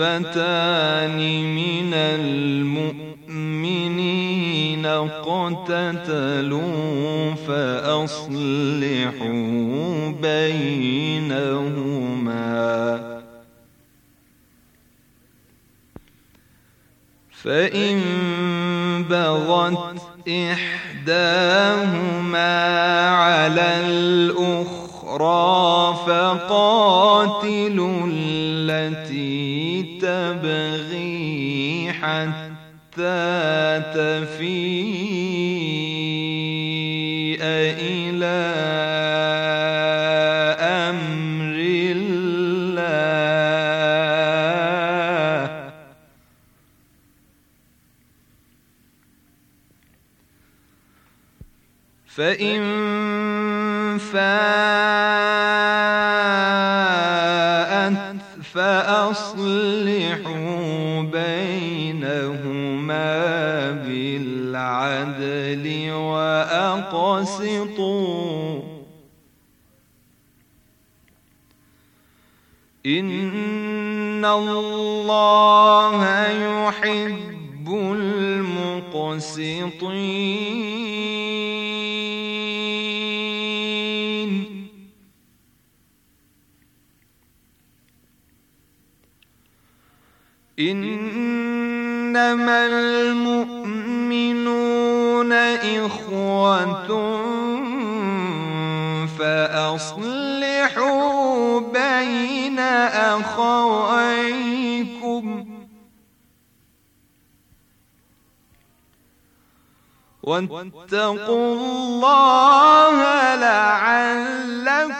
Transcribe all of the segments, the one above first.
فتان من المؤمنين اقتتلوا فأصلحوا بينهما فإن بغت إحداهما على الأخرى فقاتلوا التي حتى تفيء إلى أمر الله فإن العدل وأقسطوا إن الله يحب المقسطين إنما الم فأصلحوا بين أخويكم واتقوا الله لعلكم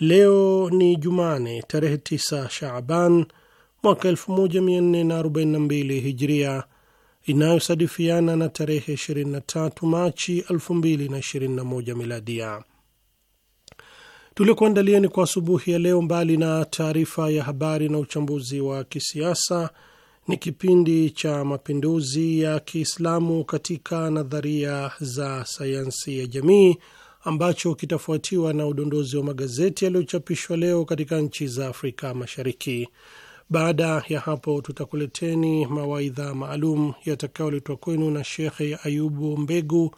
Leo ni Jumane tarehe 9 Shaaban mwaka 1442 Hijria inayosadifiana na tarehe 23 Machi 2021 Miladia. tuliokuandaliani kwa asubuhi ya leo, mbali na taarifa ya habari na uchambuzi wa kisiasa, ni kipindi cha mapinduzi ya Kiislamu katika nadharia za sayansi ya jamii ambacho kitafuatiwa na udondozi wa magazeti yaliyochapishwa leo katika nchi za Afrika Mashariki. Baada ya hapo, tutakuleteni mawaidha maalum yatakayoletwa kwenu na Shekhe Ayubu Mbegu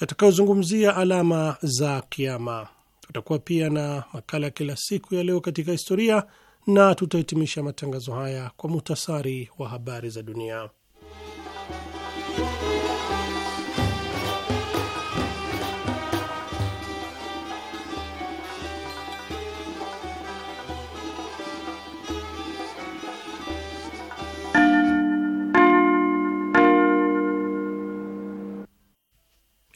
yatakayozungumzia alama za Kiama. Tutakuwa pia na makala ya kila siku ya leo katika historia na tutahitimisha matangazo haya kwa muhtasari wa habari za dunia.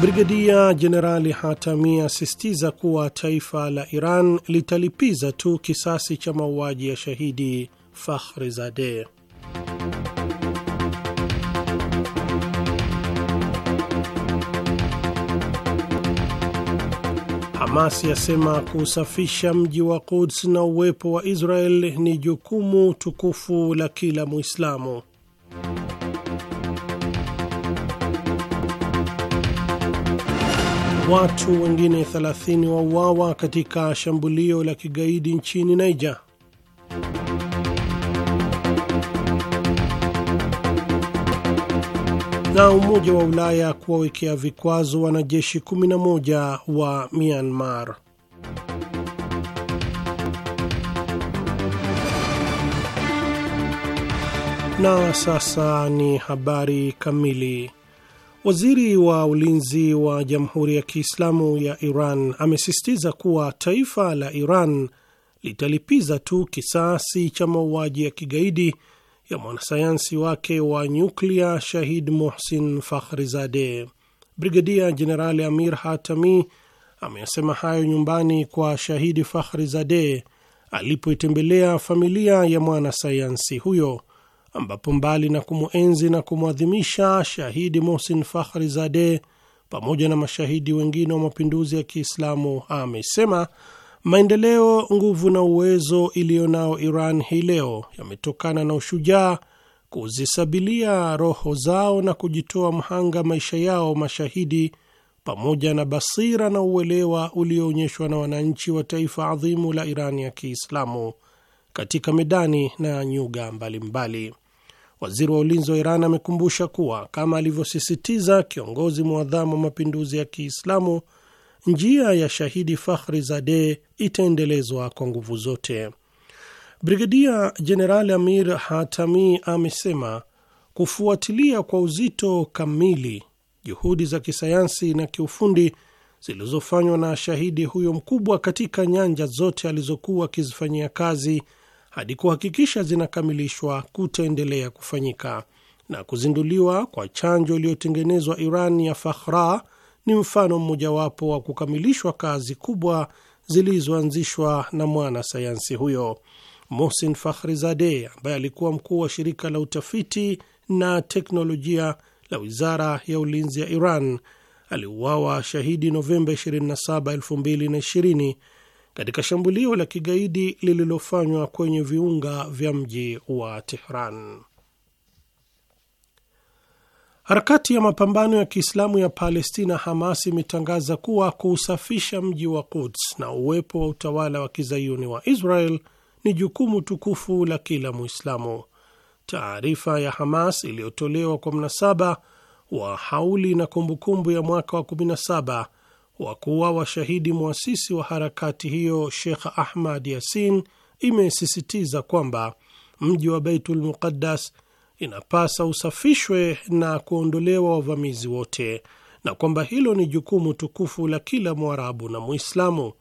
Brigadia Jenerali Hatami asisitiza kuwa taifa la Iran litalipiza tu kisasi cha mauaji ya shahidi zade Hamas yasema kusafisha mji wa Quds na uwepo wa Israel ni jukumu tukufu la kila Muislamu. Watu wengine 30 wauawa katika shambulio la kigaidi nchini Niger. Na Umoja wa Ulaya kuwawekea vikwazo wanajeshi 11 wa Myanmar. Na sasa ni habari kamili. Waziri wa ulinzi wa Jamhuri ya Kiislamu ya Iran amesisitiza kuwa taifa la Iran litalipiza tu kisasi cha mauaji ya kigaidi ya mwanasayansi wake wa nyuklia Shahid Muhsin Fakhrizade. Brigadia Jenerali Amir Hatami ameyasema hayo nyumbani kwa Shahidi Fakhrizade alipoitembelea familia ya mwanasayansi huyo ambapo mbali na kumwenzi na kumwadhimisha shahidi Mohsin Fakhri Zade pamoja na mashahidi wengine wa mapinduzi ya Kiislamu, amesema maendeleo, nguvu na uwezo iliyo nao Iran hii leo yametokana na ushujaa, kuzisabilia roho zao na kujitoa mhanga maisha yao mashahidi, pamoja na basira na uelewa ulioonyeshwa na wananchi wa taifa adhimu la Iran ya Kiislamu katika medani na nyuga mbalimbali mbali. Waziri wa ulinzi wa Iran amekumbusha kuwa kama alivyosisitiza kiongozi mwadhamu wa mapinduzi ya Kiislamu, njia ya shahidi Fakhri zade itaendelezwa kwa nguvu zote. Brigedia Jenerali Amir Hatami amesema kufuatilia kwa uzito kamili juhudi za kisayansi na kiufundi zilizofanywa na shahidi huyo mkubwa katika nyanja zote alizokuwa akizifanyia kazi hadi kuhakikisha zinakamilishwa kutaendelea kufanyika, na kuzinduliwa kwa chanjo iliyotengenezwa Iran ya Fakhra ni mfano mmojawapo wa kukamilishwa kazi kubwa zilizoanzishwa na mwanasayansi huyo Mohsin Fakhrizadeh, ambaye alikuwa mkuu wa shirika la utafiti na teknolojia la wizara ya ulinzi ya Iran aliuawa shahidi Novemba 27, 2020 katika shambulio la kigaidi lililofanywa kwenye viunga vya mji wa Tehran. Harakati ya mapambano ya Kiislamu ya Palestina Hamas imetangaza kuwa kuusafisha mji wa Quds na uwepo wa utawala wa kizayuni wa Israel ni jukumu tukufu la kila mwislamu Taarifa ya Hamas iliyotolewa kwa mnasaba wa hauli na kumbukumbu ya mwaka wa 17 wa kuwa washahidi mwasisi wa harakati hiyo Shekh Ahmad Yasin imesisitiza kwamba mji wa Baitul Muqaddas inapasa usafishwe na kuondolewa wavamizi wote na kwamba hilo ni jukumu tukufu la kila Mwarabu na Muislamu.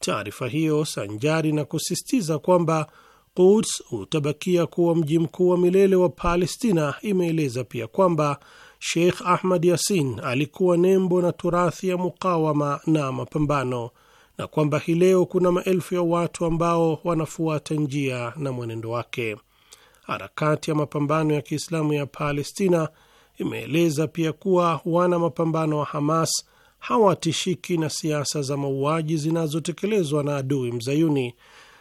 Taarifa hiyo sanjari na kusisitiza kwamba Quds utabakia kuwa mji mkuu wa milele wa Palestina, imeeleza pia kwamba Sheikh Ahmad Yasin alikuwa nembo na turathi ya mukawama na mapambano, na kwamba hii leo kuna maelfu ya watu ambao wanafuata njia na mwenendo wake. Harakati ya mapambano ya Kiislamu ya Palestina imeeleza pia kuwa wana mapambano wa Hamas hawatishiki na siasa za mauaji zinazotekelezwa na adui mzayuni.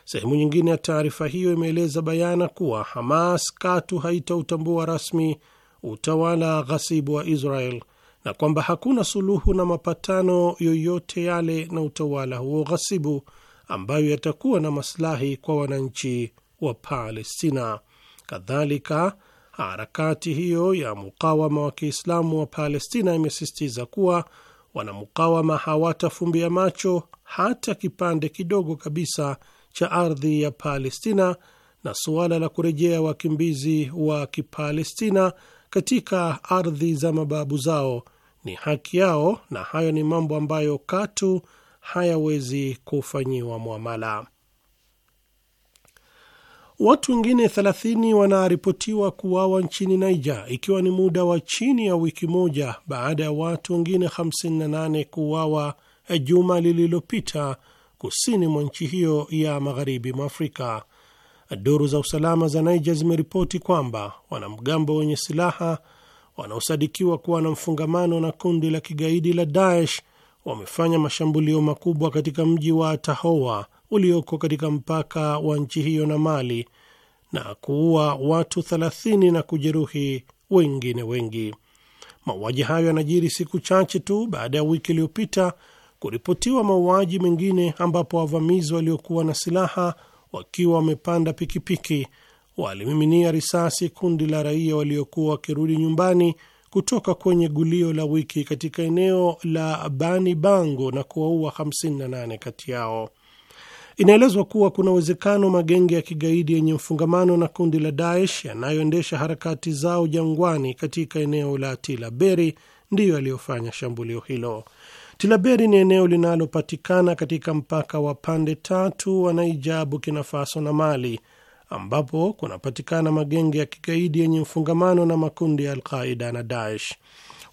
Sehemu nyingine ya taarifa hiyo imeeleza bayana kuwa Hamas katu haitautambua rasmi utawala ghasibu wa Israel na kwamba hakuna suluhu na mapatano yoyote yale na utawala huo ghasibu ambayo yatakuwa na maslahi kwa wananchi wa Palestina. Kadhalika, harakati hiyo ya mukawama wa Kiislamu wa Palestina imesisitiza kuwa wanamukawama hawatafumbia macho hata kipande kidogo kabisa cha ardhi ya Palestina na suala la kurejea wakimbizi wa Kipalestina katika ardhi za mababu zao ni haki yao, na hayo ni mambo ambayo katu hayawezi kufanyiwa mwamala. Watu wengine 30 wanaripotiwa kuuawa nchini Niger, ikiwa ni muda wa chini ya wiki moja baada ya watu wengine 58 kuuawa juma lililopita kusini mwa nchi hiyo ya magharibi mwa Afrika. Duru za usalama za Niger zimeripoti kwamba wanamgambo wenye silaha wanaosadikiwa kuwa na mfungamano na kundi la kigaidi la Daesh wamefanya mashambulio makubwa katika mji wa Tahoa ulioko katika mpaka wa nchi hiyo na Mali na kuua watu 30 na kujeruhi wengine wengi. Mauaji hayo yanajiri siku chache tu baada ya wiki iliyopita kuripotiwa mauaji mengine ambapo wavamizi waliokuwa na silaha wakiwa wamepanda pikipiki walimiminia risasi kundi la raia waliokuwa wakirudi nyumbani kutoka kwenye gulio la wiki katika eneo la Bani Bango na kuwaua 58 kati yao. Inaelezwa kuwa kuna uwezekano magenge ya kigaidi yenye mfungamano na kundi la Daesh yanayoendesha harakati zao jangwani katika eneo la Tilaberi ndiyo yaliyofanya shambulio hilo. Tilaberi ni eneo linalopatikana katika mpaka wa pande tatu wa Naija, Burkina Faso na Mali, ambapo kunapatikana magenge ya kigaidi yenye mfungamano na makundi ya Alqaida na Daesh.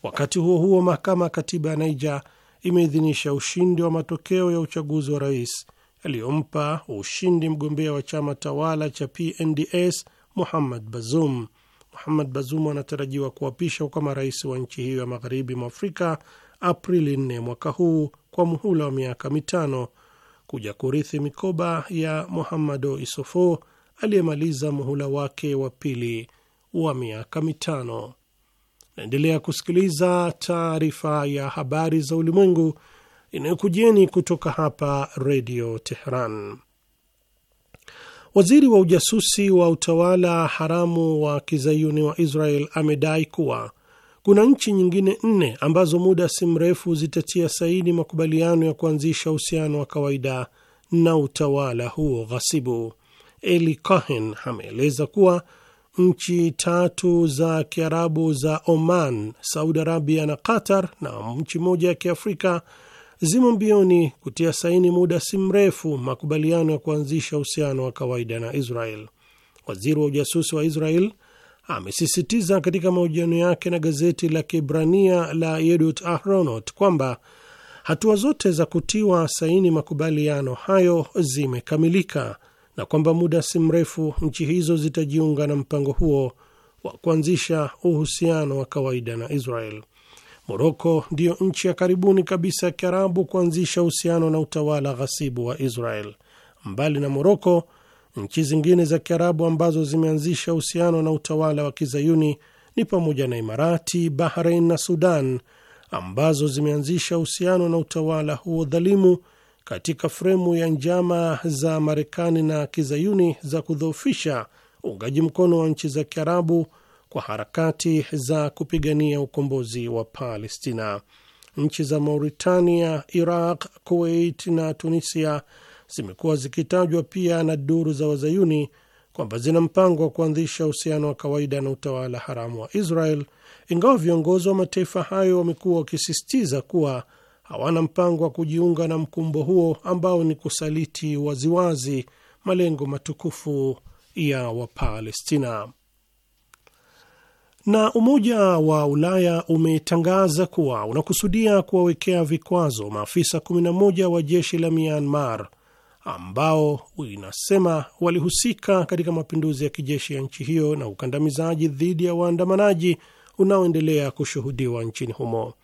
Wakati huo huo, mahakama ya katiba ya Naija imeidhinisha ushindi wa matokeo ya uchaguzi wa rais yaliyompa ushindi mgombea wa chama tawala cha PNDS Muhammad Bazoum. Muhammad Bazoum anatarajiwa kuapishwa kama rais wa nchi hiyo ya magharibi mwa Afrika Aprili 4 mwaka huu kwa muhula wa miaka mitano kuja kurithi mikoba ya Muhammado Isofo aliyemaliza muhula wake wa pili wa miaka mitano. Naendelea kusikiliza taarifa ya habari za ulimwengu inayokujieni kutoka hapa Redio Teheran. Waziri wa ujasusi wa utawala haramu wa kizayuni wa Israel amedai kuwa kuna nchi nyingine nne ambazo muda si mrefu zitatia saini makubaliano ya kuanzisha uhusiano wa kawaida na utawala huo ghasibu. Eli Cohen ameeleza kuwa nchi tatu za Kiarabu za Oman, Saudi Arabia na Qatar na nchi moja ya Kiafrika zimo mbioni kutia saini muda si mrefu makubaliano ya kuanzisha uhusiano wa kawaida na Israel. Waziri wa ujasusi wa Israel amesisitiza katika mahojiano yake na gazeti la Kibrania la yedut Ahronot kwamba hatua zote za kutiwa saini makubaliano hayo zimekamilika na kwamba muda si mrefu nchi hizo zitajiunga na mpango huo wa kuanzisha uhusiano wa kawaida na Israel. Moroko ndiyo nchi ya karibuni kabisa ya Kiarabu kuanzisha uhusiano na utawala ghasibu wa Israel. Mbali na Moroko, Nchi zingine za Kiarabu ambazo zimeanzisha uhusiano na utawala wa kizayuni ni pamoja na Imarati, Bahrain na Sudan ambazo zimeanzisha uhusiano na utawala huo dhalimu katika fremu ya njama za Marekani na kizayuni za kudhoofisha uungaji mkono wa nchi za Kiarabu kwa harakati za kupigania ukombozi wa Palestina. Nchi za Mauritania, Iraq, Kuwait na Tunisia zimekuwa zikitajwa pia na duru za wazayuni kwamba zina mpango wa kuanzisha uhusiano wa kawaida na utawala haramu wa Israel, ingawa viongozi wa mataifa hayo wamekuwa wakisisitiza kuwa hawana mpango wa kujiunga na mkumbo huo ambao ni kusaliti waziwazi malengo matukufu ya Wapalestina. Na Umoja wa Ulaya umetangaza kuwa unakusudia kuwawekea vikwazo maafisa 11 wa jeshi la Myanmar ambao inasema walihusika katika mapinduzi ya kijeshi ya nchi hiyo na ukandamizaji dhidi ya waandamanaji unaoendelea kushuhudiwa nchini humo.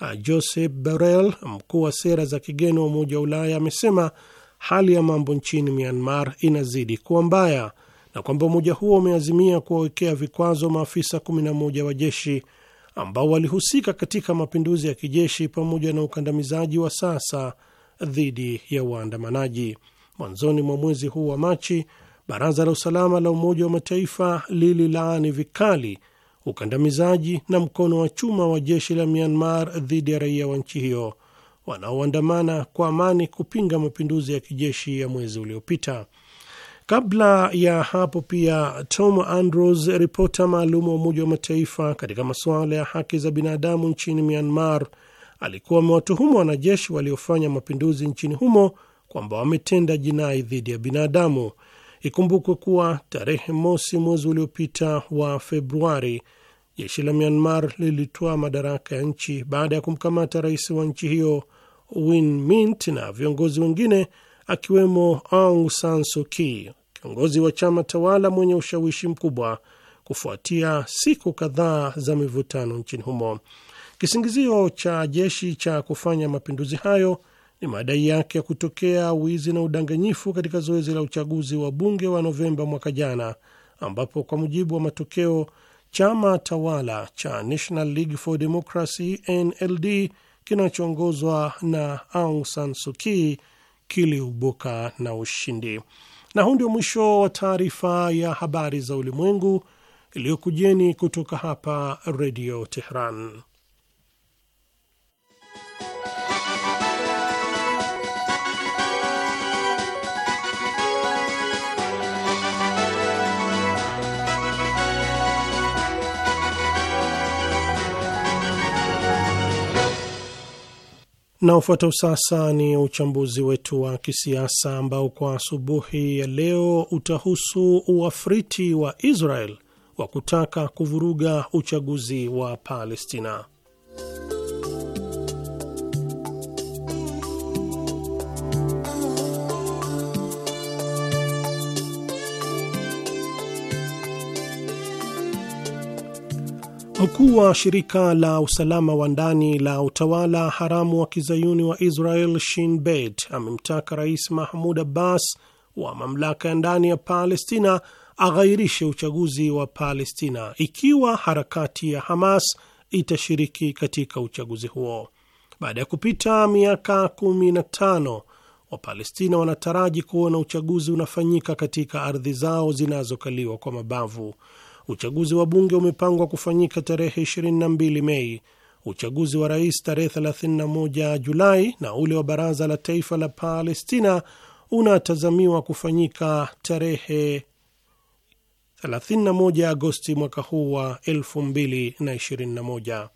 Ah, Josep Borrell, mkuu wa sera za kigeni wa Umoja wa Ulaya, amesema hali ya mambo nchini Myanmar inazidi kuwa mbaya na kwamba umoja huo umeazimia kuwawekea vikwazo maafisa 11 wa jeshi ambao walihusika katika mapinduzi ya kijeshi pamoja na ukandamizaji wa sasa dhidi ya waandamanaji. Mwanzoni mwa mwezi huu wa Machi, baraza la usalama la Umoja wa Mataifa lililaani vikali ukandamizaji na mkono wa chuma wa jeshi la Myanmar dhidi ya raia wa nchi hiyo wanaoandamana kwa amani kupinga mapinduzi ya kijeshi ya mwezi uliopita. Kabla ya hapo pia, Tom Andrews, ripota maalum wa Umoja wa Mataifa katika masuala ya haki za binadamu nchini Myanmar, alikuwa amewatuhumu wanajeshi waliofanya mapinduzi nchini humo kwamba wametenda jinai dhidi ya binadamu. Ikumbukwe kuwa tarehe mosi mwezi uliopita wa Februari, jeshi la Myanmar lilitoa madaraka ya nchi baada ya kumkamata rais wa nchi hiyo Win Mint na viongozi wengine akiwemo Aung San Suu Kyi, kiongozi wa chama tawala mwenye ushawishi mkubwa, kufuatia siku kadhaa za mivutano nchini humo. Kisingizio cha jeshi cha kufanya mapinduzi hayo ni madai yake ya kutokea wizi na udanganyifu katika zoezi la uchaguzi wa bunge wa Novemba mwaka jana, ambapo kwa mujibu wa matokeo chama tawala cha National League for Democracy NLD kinachoongozwa na Aung San Suu Kyi kiliubuka na ushindi. Na huu ndio mwisho wa taarifa ya habari za ulimwengu iliyokujeni kutoka hapa Redio Tehran. Na ufuata sasa ni uchambuzi wetu wa kisiasa ambao kwa asubuhi ya leo utahusu uafriti wa Israel wa kutaka kuvuruga uchaguzi wa Palestina. Mkuu wa shirika la usalama wa ndani la utawala haramu wa kizayuni wa Israel Shin Bet amemtaka Rais Mahmud Abbas wa mamlaka ya ndani ya Palestina aghairishe uchaguzi wa Palestina ikiwa harakati ya Hamas itashiriki katika uchaguzi huo. Baada ya kupita miaka 15 Wapalestina wanataraji kuona uchaguzi unafanyika katika ardhi zao zinazokaliwa kwa mabavu. Uchaguzi wa bunge umepangwa kufanyika tarehe 22 Mei, uchaguzi wa rais tarehe 31 Julai na ule wa baraza la taifa la Palestina unatazamiwa kufanyika tarehe 31 Agosti mwaka huu wa 2021.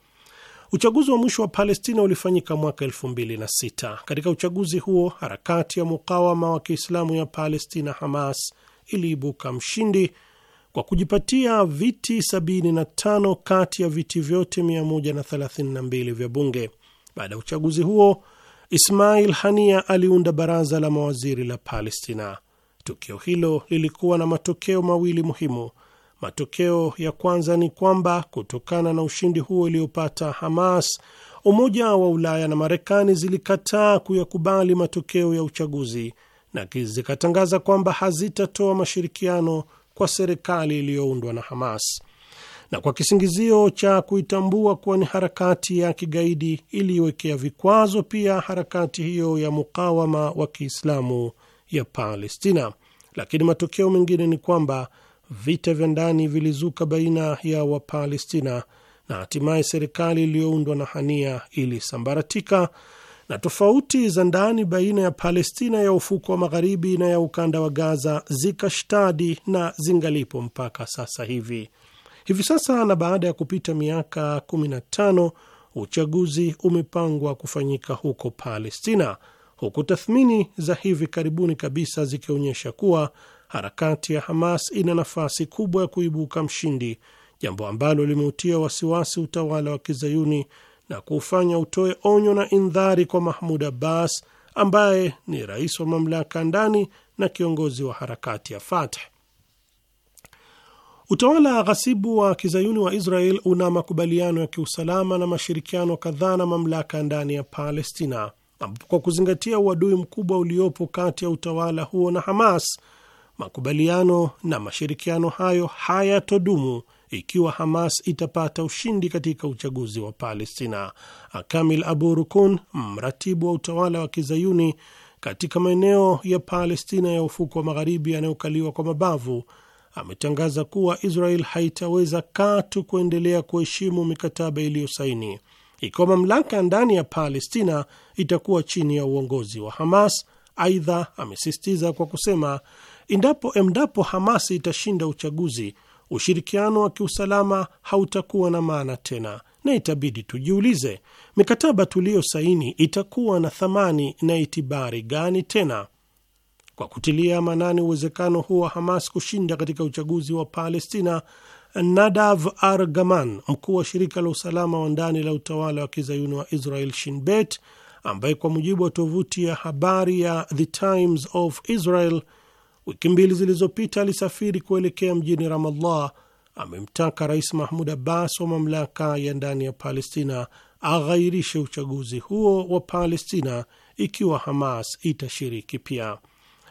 Uchaguzi wa mwisho wa Palestina ulifanyika mwaka 2006. Katika uchaguzi huo harakati ya mukawama wa Kiislamu ya Palestina, Hamas, iliibuka mshindi kwa kujipatia viti 75 kati ya viti vyote 132 vya bunge. Baada ya uchaguzi huo, Ismail Hania aliunda baraza la mawaziri la Palestina. Tukio hilo lilikuwa na matokeo mawili muhimu. Matokeo ya kwanza ni kwamba kutokana na ushindi huo iliyopata Hamas, Umoja wa Ulaya na Marekani zilikataa kuyakubali matokeo ya uchaguzi na zikatangaza kwamba hazitatoa mashirikiano kwa serikali iliyoundwa na Hamas na kwa kisingizio cha kuitambua kuwa ni harakati ya kigaidi iliiwekea vikwazo pia harakati hiyo ya mukawama wa Kiislamu ya Palestina. Lakini matokeo mengine ni kwamba vita vya ndani vilizuka baina ya Wapalestina na hatimaye serikali iliyoundwa na Hania ilisambaratika na tofauti za ndani baina ya Palestina ya ufuko wa magharibi na ya ukanda wa Gaza zikashtadi na zingalipo mpaka sasa hivi. Hivi sasa na baada ya kupita miaka 15 uchaguzi umepangwa kufanyika huko Palestina, huku tathmini za hivi karibuni kabisa zikionyesha kuwa harakati ya Hamas ina nafasi kubwa ya kuibuka mshindi, jambo ambalo limeutia wasiwasi utawala wa kizayuni na kufanya utoe onyo na indhari kwa Mahmud Abbas ambaye ni rais wa mamlaka ndani na kiongozi wa harakati ya Fatah. Utawala ghasibu wa kizayuni wa Israel una makubaliano ya kiusalama na mashirikiano kadhaa na mamlaka ndani ya Palestina, ambapo kwa kuzingatia uadui mkubwa uliopo kati ya utawala huo na Hamas, makubaliano na mashirikiano hayo hayatodumu ikiwa Hamas itapata ushindi katika uchaguzi wa Palestina. Akamil Abu Rukun, mratibu wa utawala wa kizayuni katika maeneo ya Palestina ya ufuko wa magharibi yanayokaliwa kwa mabavu, ametangaza kuwa Israel haitaweza katu kuendelea kuheshimu mikataba iliyosaini ikiwa mamlaka ndani ya Palestina itakuwa chini ya uongozi wa Hamas. Aidha, amesisitiza kwa kusema endapo, endapo Hamas itashinda uchaguzi ushirikiano wa kiusalama hautakuwa na maana tena, na itabidi tujiulize mikataba tuliyosaini itakuwa na thamani na itibari gani tena? Kwa kutilia maanani uwezekano huo wa Hamas kushinda katika uchaguzi wa Palestina, Nadav Argaman, mkuu wa shirika la usalama wa ndani la utawala wa kizayuni wa Israel Shinbet, ambaye kwa mujibu wa tovuti ya habari ya The Times of Israel wiki mbili zilizopita alisafiri kuelekea mjini Ramallah, amemtaka Rais Mahmud Abbas wa mamlaka ya ndani ya Palestina aghairishe uchaguzi huo wa Palestina ikiwa Hamas itashiriki pia.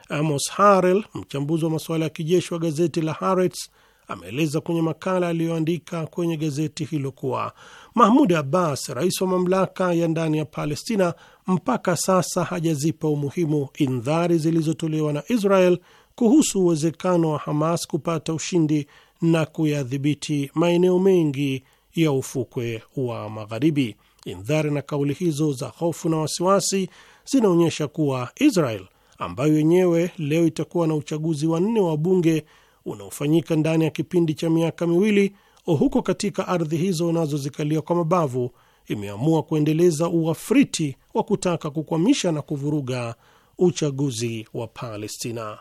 Amos Harel, mchambuzi wa masuala ya kijeshi wa gazeti la Haaretz, ameeleza kwenye makala aliyoandika kwenye gazeti hilo kuwa Mahmud Abbas, rais wa mamlaka ya ndani ya Palestina, mpaka sasa hajazipa umuhimu indhari zilizotolewa na Israel kuhusu uwezekano wa Hamas kupata ushindi na kuyadhibiti maeneo mengi ya ufukwe wa Magharibi. Indhari na kauli hizo za hofu na wasiwasi zinaonyesha kuwa Israel ambayo yenyewe leo itakuwa na uchaguzi wa nne wa bunge unaofanyika ndani ya kipindi cha miaka miwili huko katika ardhi hizo unazozikalia kwa mabavu, imeamua kuendeleza uafriti wa kutaka kukwamisha na kuvuruga uchaguzi wa Palestina.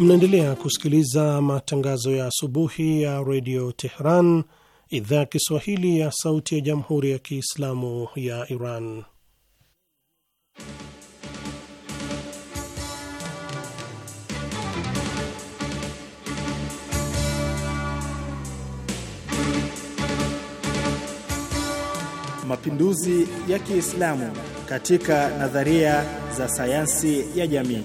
Mnaendelea kusikiliza matangazo ya asubuhi ya redio Tehran, idhaa ya Kiswahili ya Sauti ya Jamhuri ya Kiislamu ya Iran. Mapinduzi ya Kiislamu katika nadharia za sayansi ya jamii.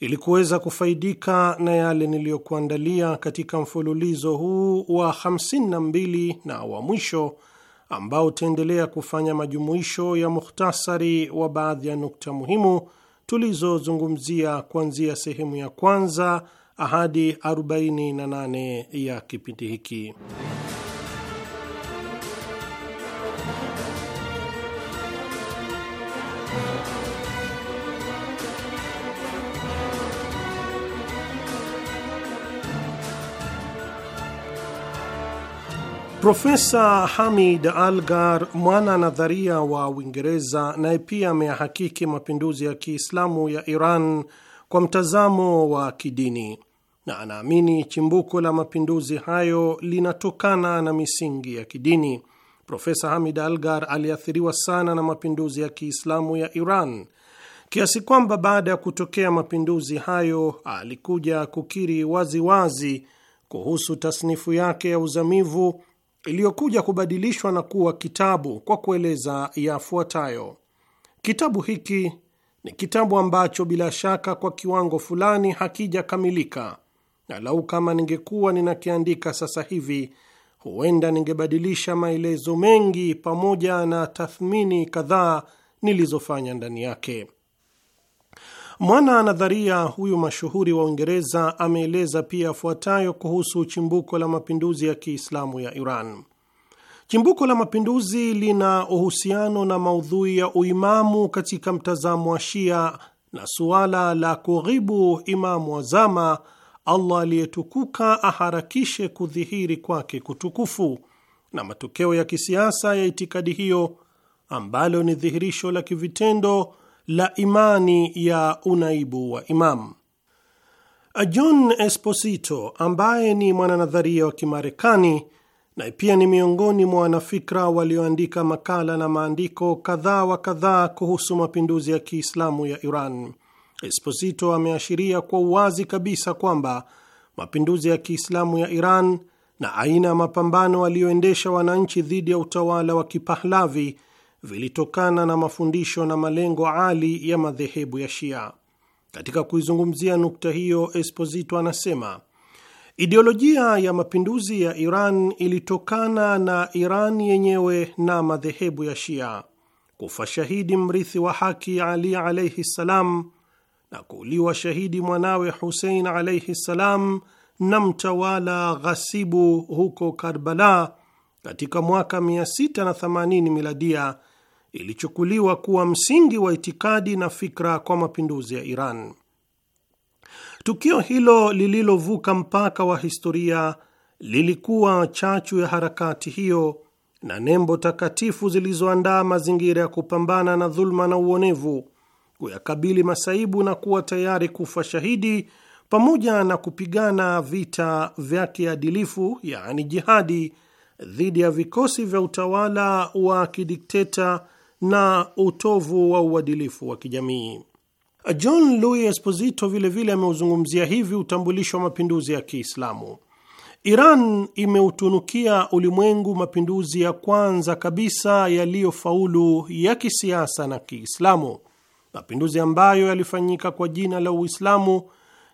ili kuweza kufaidika na yale niliyokuandalia katika mfululizo huu wa 52 na wa mwisho ambao utaendelea kufanya majumuisho ya mukhtasari wa baadhi ya nukta muhimu tulizozungumzia kuanzia sehemu ya kwanza hadi 48 ya kipindi hiki. Profesa Hamid Algar, mwana nadharia wa Uingereza, naye pia ameyahakiki mapinduzi ya Kiislamu ya Iran kwa mtazamo wa kidini, na anaamini chimbuko la mapinduzi hayo linatokana na misingi ya kidini. Profesa Hamid Algar aliathiriwa sana na mapinduzi ya Kiislamu ya Iran kiasi kwamba baada ya kutokea mapinduzi hayo alikuja kukiri waziwazi wazi kuhusu tasnifu yake ya uzamivu iliyokuja kubadilishwa na kuwa kitabu kwa kueleza yafuatayo: kitabu hiki ni kitabu ambacho bila shaka kwa kiwango fulani hakijakamilika, na lau kama ningekuwa ninakiandika sasa hivi, huenda ningebadilisha maelezo mengi pamoja na tathmini kadhaa nilizofanya ndani yake. Mwana nadharia huyu mashuhuri wa Uingereza ameeleza pia afuatayo kuhusu chimbuko la mapinduzi ya Kiislamu ya Iran. Chimbuko la mapinduzi lina uhusiano na maudhui ya uimamu katika mtazamo wa Shia na suala la kughibu imamu wazama, Allah aliyetukuka aharakishe kudhihiri kwake kutukufu, na matokeo ya kisiasa ya itikadi hiyo ambalo ni dhihirisho la kivitendo la imani ya unaibu wa Imam. John Esposito ambaye ni mwananadharia wa Kimarekani na pia ni miongoni mwa wanafikra walioandika makala na maandiko kadhaa wa kadhaa kuhusu mapinduzi ya Kiislamu ya Iran. Esposito ameashiria kwa uwazi kabisa kwamba mapinduzi ya Kiislamu ya Iran na aina ya mapambano aliyoendesha wananchi dhidi ya utawala wa Kipahlavi vilitokana na mafundisho na malengo ali ya madhehebu ya Shia. Katika kuizungumzia nukta hiyo, Esposito anasema Ideolojia ya mapinduzi ya Iran ilitokana na Iran yenyewe na madhehebu ya Shia. Kufa shahidi mrithi wa haki Ali alaihi ssalam na kuuliwa shahidi mwanawe Husein alaihi ssalam na mtawala ghasibu huko Karbala katika mwaka 680 miladia ilichukuliwa kuwa msingi wa itikadi na fikra kwa mapinduzi ya Iran. Tukio hilo lililovuka mpaka wa historia lilikuwa chachu ya harakati hiyo na nembo takatifu zilizoandaa mazingira ya kupambana na dhuluma na uonevu, kuyakabili masaibu na kuwa tayari kufa shahidi, pamoja na kupigana vita vya kiadilifu, yaani jihadi, dhidi ya vikosi vya utawala wa kidikteta na utovu wa uadilifu wa kijamii. John Louis Esposito vilevile ameuzungumzia hivi utambulisho wa mapinduzi ya Kiislamu. Iran imeutunukia ulimwengu mapinduzi ya kwanza kabisa yaliyofaulu ya kisiasa na Kiislamu, mapinduzi ambayo yalifanyika kwa jina la Uislamu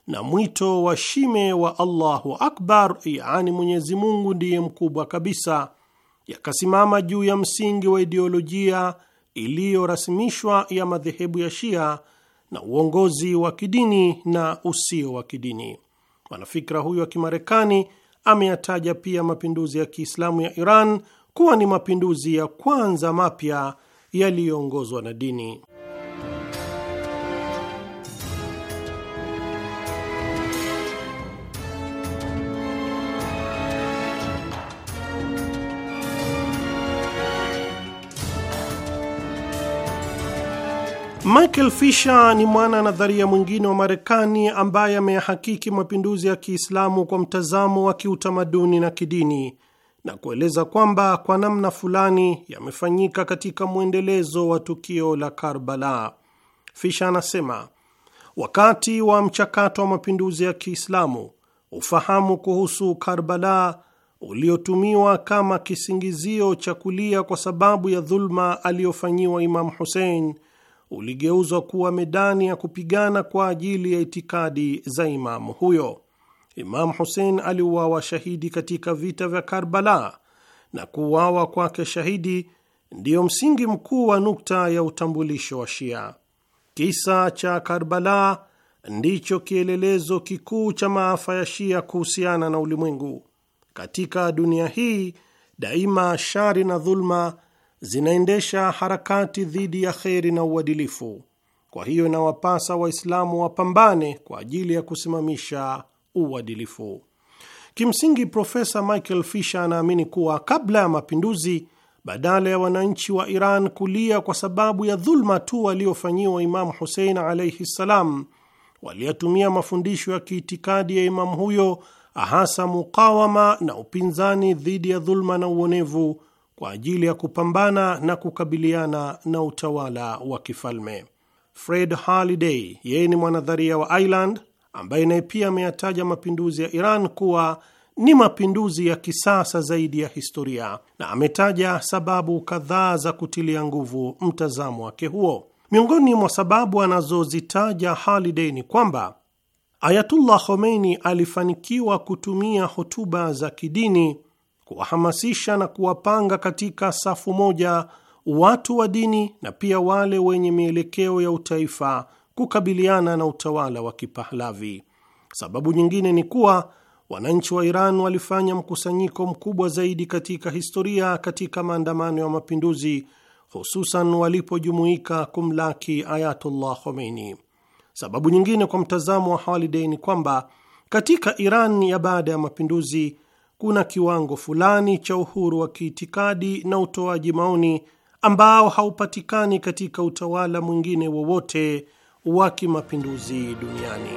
na mwito wa shime wa Allahu Akbar, yaani Mwenyezi Mungu ndiye mkubwa kabisa, yakasimama juu ya msingi wa ideolojia iliyorasimishwa ya madhehebu ya Shia na uongozi wa kidini na usio wa kidini. Mwanafikra huyo wa Kimarekani ameyataja pia mapinduzi ya Kiislamu ya Iran kuwa ni mapinduzi ya kwanza mapya yaliyoongozwa na dini. Michael Fisher ni mwana nadharia mwingine wa Marekani ambaye ameyahakiki mapinduzi ya Kiislamu kwa mtazamo wa kiutamaduni na kidini na kueleza kwamba kwa namna fulani yamefanyika katika mwendelezo wa tukio la Karbala. Fisher anasema wakati wa mchakato wa mapinduzi ya Kiislamu, ufahamu kuhusu Karbala uliotumiwa kama kisingizio cha kulia kwa sababu ya dhuluma aliyofanyiwa Imamu Hussein uligeuzwa kuwa medani ya kupigana kwa ajili ya itikadi za imamu huyo. Imamu Husein aliuawa shahidi katika vita vya Karbala, na kuuawa kwake shahidi ndiyo msingi mkuu wa nukta ya utambulisho wa Shia. Kisa cha Karbala ndicho kielelezo kikuu cha maafa ya Shia kuhusiana na ulimwengu. Katika dunia hii daima, shari na dhulma zinaendesha harakati dhidi ya kheri na uadilifu. Kwa hiyo inawapasa Waislamu wapambane kwa ajili ya kusimamisha uadilifu. Kimsingi, Profesa Michael Fisher anaamini kuwa kabla ya mapinduzi, badala ya wananchi wa Iran kulia kwa sababu ya dhulma tu waliofanyiwa Imamu Husein alaihi ssalam, waliyatumia mafundisho ya kiitikadi ya imamu huyo, hasa mukawama na upinzani dhidi ya dhulma na uonevu kwa ajili ya kupambana na kukabiliana na utawala wa kifalme. Fred Haliday, yeye ni mwanadharia wa Ireland ambaye naye pia ameyataja mapinduzi ya Iran kuwa ni mapinduzi ya kisasa zaidi ya historia, na ametaja sababu kadhaa za kutilia nguvu mtazamo wake huo. Miongoni mwa sababu anazozitaja Haliday ni kwamba Ayatullah Khomeini alifanikiwa kutumia hotuba za kidini kuwahamasisha na kuwapanga katika safu moja watu wa dini na pia wale wenye mielekeo ya utaifa kukabiliana na utawala wa Kipahlavi. Sababu nyingine ni kuwa wananchi wa Iran walifanya mkusanyiko mkubwa zaidi katika historia katika maandamano ya mapinduzi, hususan walipojumuika kumlaki Ayatullah Khomeini. Sababu nyingine kwa mtazamo wa Holiday ni kwamba katika Iran ya baada ya mapinduzi kuna kiwango fulani cha uhuru wa kiitikadi na utoaji maoni ambao haupatikani katika utawala mwingine wowote wa kimapinduzi duniani.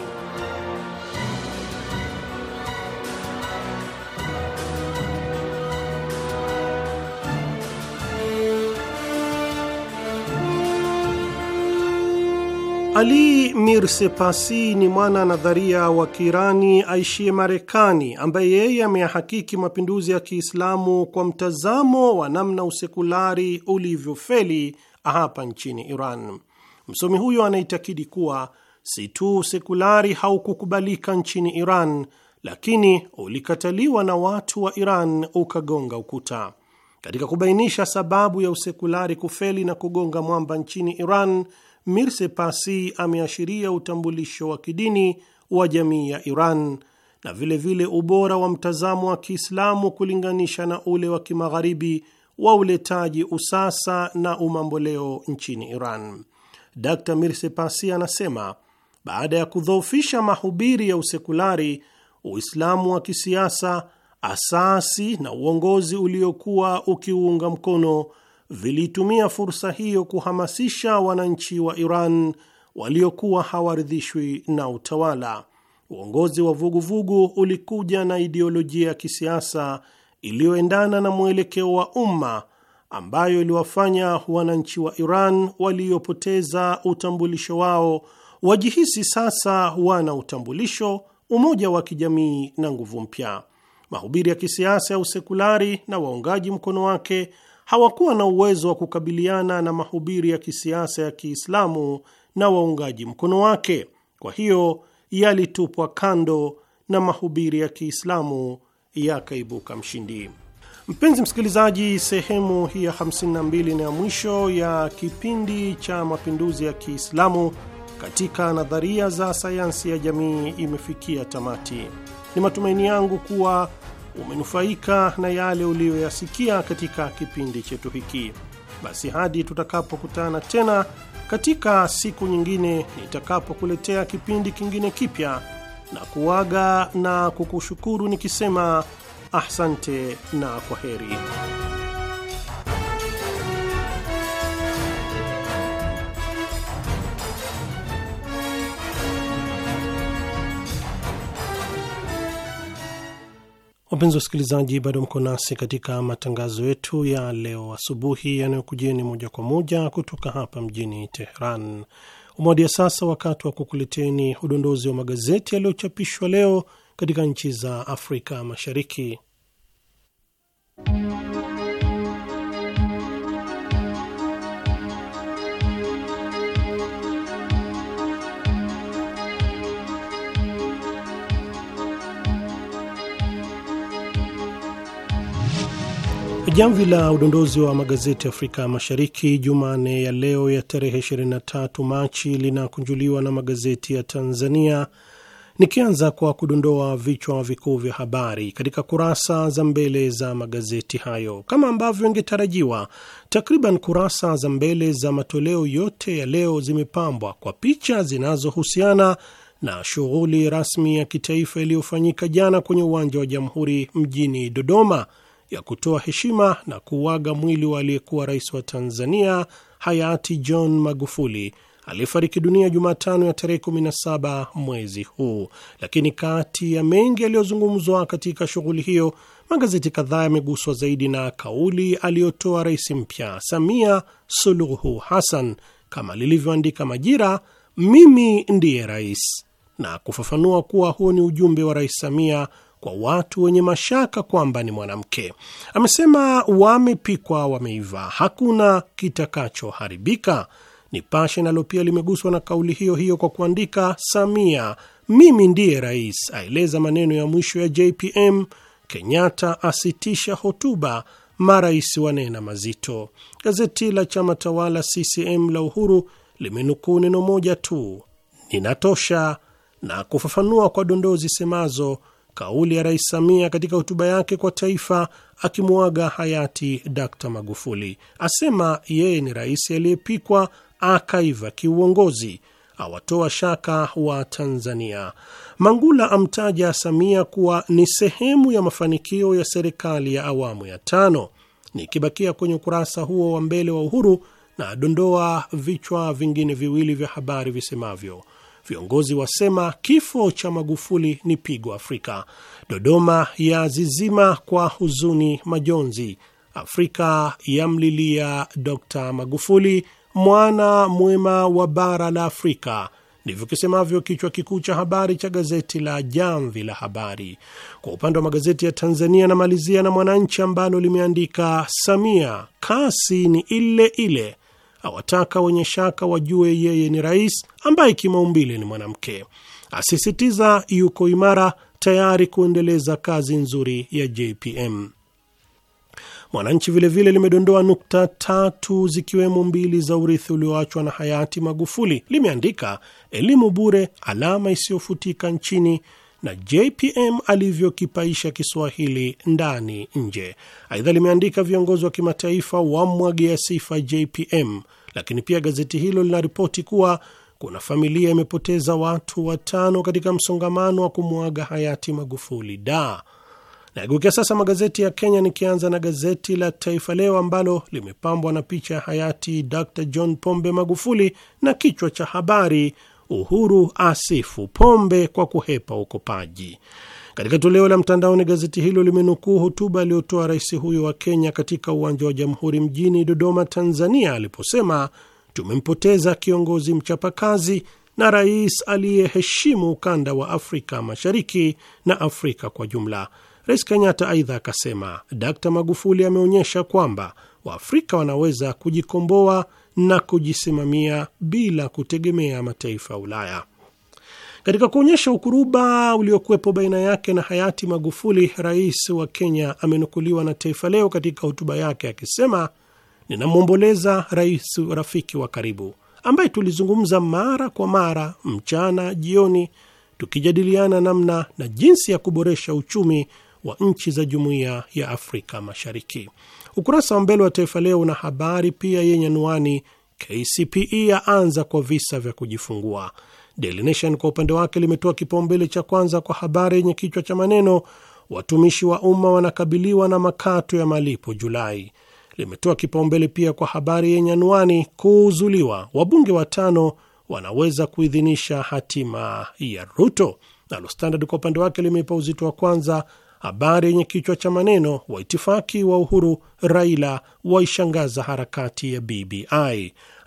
Ali Mirsepasi ni mwana nadharia wa Kirani aishiye Marekani, ambaye yeye ameyahakiki mapinduzi ya Kiislamu kwa mtazamo wa namna usekulari ulivyofeli hapa nchini Iran. Msomi huyo anaitakidi kuwa si tu usekulari haukukubalika nchini Iran, lakini ulikataliwa na watu wa Iran ukagonga ukuta. Katika kubainisha sababu ya usekulari kufeli na kugonga mwamba nchini Iran, Mirsepasi ameashiria utambulisho wa kidini wa jamii ya Iran na vilevile vile ubora wa mtazamo wa Kiislamu kulinganisha na ule wa kimagharibi wa uletaji usasa na umamboleo nchini Iran. Dr. Mirsepasi anasema baada ya kudhoofisha mahubiri ya usekulari, Uislamu wa kisiasa, asasi na uongozi uliokuwa ukiunga mkono vilitumia fursa hiyo kuhamasisha wananchi wa Iran waliokuwa hawaridhishwi na utawala. Uongozi wa vuguvugu vugu ulikuja na ideolojia ya kisiasa iliyoendana na mwelekeo wa umma ambayo iliwafanya wananchi wa Iran waliopoteza utambulisho wao wajihisi sasa wana utambulisho, umoja wa kijamii na nguvu mpya. Mahubiri ya kisiasa ya usekulari na waungaji mkono wake hawakuwa na uwezo wa kukabiliana na mahubiri ya kisiasa ya Kiislamu na waungaji mkono wake, kwa hiyo yalitupwa kando na mahubiri ya Kiislamu yakaibuka mshindi. Mpenzi msikilizaji, sehemu hii ya 52 na ya mwisho ya kipindi cha mapinduzi ya Kiislamu katika nadharia za sayansi ya jamii imefikia tamati. Ni matumaini yangu kuwa umenufaika na yale uliyoyasikia katika kipindi chetu hiki. Basi hadi tutakapokutana tena katika siku nyingine nitakapokuletea kipindi kingine kipya, na kuaga na kukushukuru nikisema asante na kwa heri. Wapenzi wa wasikilizaji, bado mko nasi katika matangazo yetu ya leo asubuhi yanayokujieni moja kwa moja kutoka hapa mjini Teheran. Umewadia sasa wakati wa kukuleteni udondozi wa magazeti yaliyochapishwa leo katika nchi za Afrika Mashariki. Jamvi la udondozi wa magazeti Afrika Mashariki Jumanne ya leo ya tarehe 23 Machi linakunjuliwa na magazeti ya Tanzania, nikianza kwa kudondoa vichwa vikuu vya habari katika kurasa za mbele za magazeti hayo. Kama ambavyo ingetarajiwa, takriban kurasa za mbele za matoleo yote ya leo zimepambwa kwa picha zinazohusiana na shughuli rasmi ya kitaifa iliyofanyika jana kwenye uwanja wa Jamhuri mjini Dodoma ya kutoa heshima na kuuaga mwili wa aliyekuwa rais wa Tanzania hayati John Magufuli aliyefariki dunia Jumatano ya tarehe 17 mwezi huu. Lakini kati ya mengi yaliyozungumzwa katika shughuli hiyo, magazeti kadhaa yameguswa zaidi na kauli aliyotoa rais mpya Samia Suluhu Hassan, kama lilivyoandika Majira, mimi ndiye rais, na kufafanua kuwa huo ni ujumbe wa Rais Samia kwa watu wenye mashaka kwamba ni mwanamke. Amesema wamepikwa, wameiva, hakuna kitakachoharibika. Nipashe nalo pia limeguswa na kauli hiyo hiyo kwa kuandika, Samia mimi ndiye rais, aeleza maneno ya mwisho ya JPM. Kenyatta asitisha hotuba, marais wanena mazito. Gazeti la chama tawala CCM la Uhuru limenukuu neno moja tu, ninatosha, na kufafanua kwa dondoo zisemazo kauli ya Rais Samia katika hotuba yake kwa taifa akimwaga hayati d Magufuli. Asema yeye ni rais aliyepikwa akaiva kiuongozi, awatoa shaka wa Tanzania. Mangula amtaja Samia kuwa ni sehemu ya mafanikio ya serikali ya awamu ya tano. Nikibakia kwenye ukurasa huo wa mbele wa Uhuru na dondoa vichwa vingine viwili vya habari visemavyo Viongozi wasema kifo cha Magufuli ni pigo Afrika. Dodoma ya zizima kwa huzuni majonzi. Afrika yamlilia Dr. Magufuli, mwana mwema wa bara la Afrika. Ndivyo kisemavyo kichwa kikuu cha habari cha gazeti la Jamvi la Habari. Kwa upande wa magazeti ya Tanzania, namalizia na Mwananchi ambalo limeandika Samia kasi ni ile ile awataka wenye shaka wajue yeye ni rais ambaye kimaumbile ni mwanamke. Asisitiza yuko imara tayari kuendeleza kazi nzuri ya JPM. Mwananchi vilevile limedondoa nukta tatu zikiwemo mbili za urithi ulioachwa na hayati Magufuli. Limeandika elimu bure, alama isiyofutika nchini na JPM alivyokipaisha Kiswahili ndani nje. Aidha limeandika viongozi wa kimataifa wamwagia sifa JPM, lakini pia gazeti hilo linaripoti kuwa kuna familia imepoteza watu watano katika msongamano wa kumwaga hayati Magufuli da Nageukia sasa magazeti ya Kenya, nikianza na gazeti la Taifa Leo ambalo limepambwa na picha ya hayati Dr John Pombe Magufuli na kichwa cha habari, Uhuru asifu pombe kwa kuhepa ukopaji. Katika toleo la mtandaoni gazeti hilo limenukuu hotuba aliyotoa rais huyo wa Kenya katika uwanja wa Jamhuri mjini Dodoma, Tanzania, aliposema tumempoteza kiongozi mchapakazi na rais aliyeheshimu ukanda wa Afrika Mashariki na Afrika kwa jumla. Rais Kenyatta aidha akasema Dkt Magufuli ameonyesha kwamba Waafrika wanaweza kujikomboa na kujisimamia bila kutegemea mataifa ya Ulaya. Katika kuonyesha ukuruba uliokuwepo baina yake na hayati Magufuli, rais wa Kenya amenukuliwa na Taifa Leo katika hotuba yake akisema, ninamwomboleza rais rafiki wa karibu ambaye tulizungumza mara kwa mara, mchana jioni, tukijadiliana namna na jinsi ya kuboresha uchumi wa nchi za jumuiya ya Afrika Mashariki. Ukurasa wa mbele wa Taifa Leo una habari pia yenye anwani KCPE yaanza kwa visa vya kujifungua. Daily Nation kwa upande wake limetoa kipaumbele cha kwanza kwa habari yenye kichwa cha maneno watumishi wa umma wanakabiliwa na makato ya malipo Julai. Limetoa kipaumbele pia kwa habari yenye anwani kuuzuliwa, wabunge watano wanaweza kuidhinisha hatima ya Ruto. Nalo Standard kwa upande wake limeipa uzito wa kwanza habari yenye kichwa cha maneno waitifaki wa Uhuru Raila waishangaza harakati ya BBI.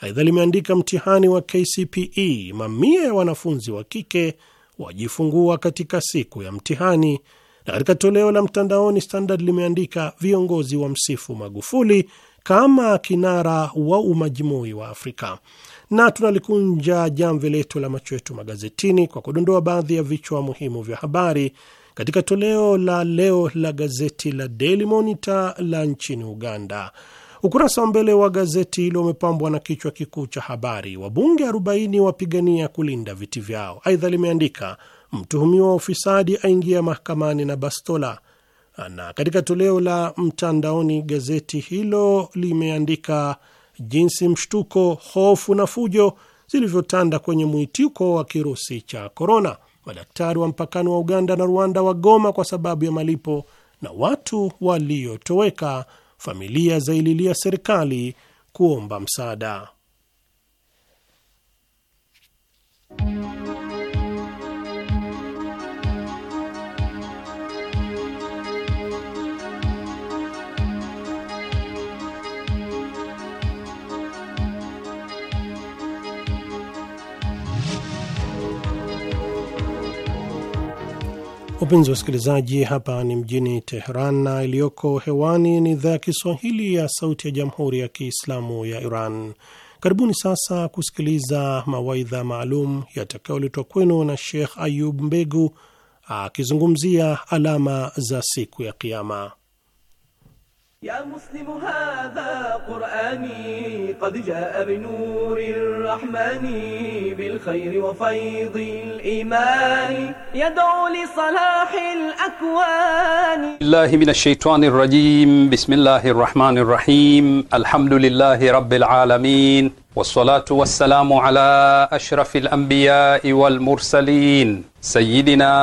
Aidha limeandika mtihani wa KCPE, mamia ya wanafunzi wa kike wajifungua katika siku ya mtihani. Na katika toleo la mtandaoni Standard limeandika viongozi wa msifu Magufuli kama kinara wa umajimui wa Afrika. Na tunalikunja jamvi letu la macho yetu magazetini kwa kudondoa baadhi ya vichwa muhimu vya habari katika toleo la leo la gazeti la Daily Monitor la nchini Uganda, ukurasa wa mbele wa gazeti hilo umepambwa na kichwa kikuu cha habari, wabunge 40 wapigania kulinda viti vyao. Aidha limeandika mtuhumiwa wa ufisadi aingia mahakamani na bastola na katika toleo la mtandaoni gazeti hilo limeandika jinsi mshtuko, hofu na fujo zilivyotanda kwenye mwitiko wa kirusi cha korona madaktari wa mpakani wa Uganda na Rwanda wagoma kwa sababu ya malipo, na watu waliotoweka, familia zaililia serikali kuomba msaada. Wapenzi wasikilizaji, hapa ni mjini Teheran na iliyoko hewani ni idhaa ya Kiswahili ya Sauti ya Jamhuri ya Kiislamu ya Iran. Karibuni sasa kusikiliza mawaidha maalum yatakayoletwa kwenu na Sheikh Ayub Mbegu akizungumzia alama za siku ya Kiama. يا مسلم هذا قرآني قد جاء بنور الرحمن بالخير وفيض الإيمان يدعو لصلاح الأكوان الله من الشيطان الرجيم بسم الله الرحمن الرحيم الحمد لله رب العالمين والصلاة والسلام على أشرف الأنبياء والمرسلين سيدنا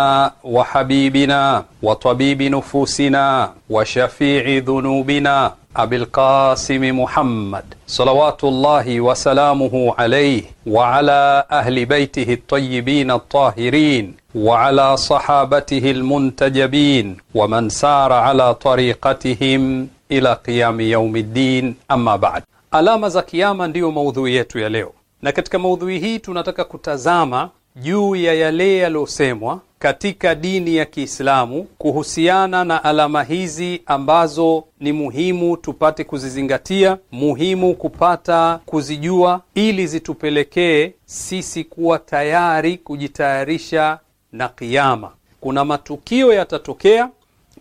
وحبيبنا وطبيب نفوسنا وشفيع ذنوبنا أبي القاسم محمد صلوات الله وسلامه عليه وعلى أهل بيته الطيبين الطاهرين وعلى صحابته المنتجبين ومن سار على طريقتهم إلى قيام يوم الدين أما بعد Alama za Kiama ndiyo maudhui yetu ya leo, na katika maudhui hii tunataka kutazama juu ya yale yaliyosemwa katika dini ya Kiislamu kuhusiana na alama hizi ambazo ni muhimu tupate kuzizingatia, muhimu kupata kuzijua, ili zitupelekee sisi kuwa tayari, kujitayarisha na Kiama. Kuna matukio yatatokea,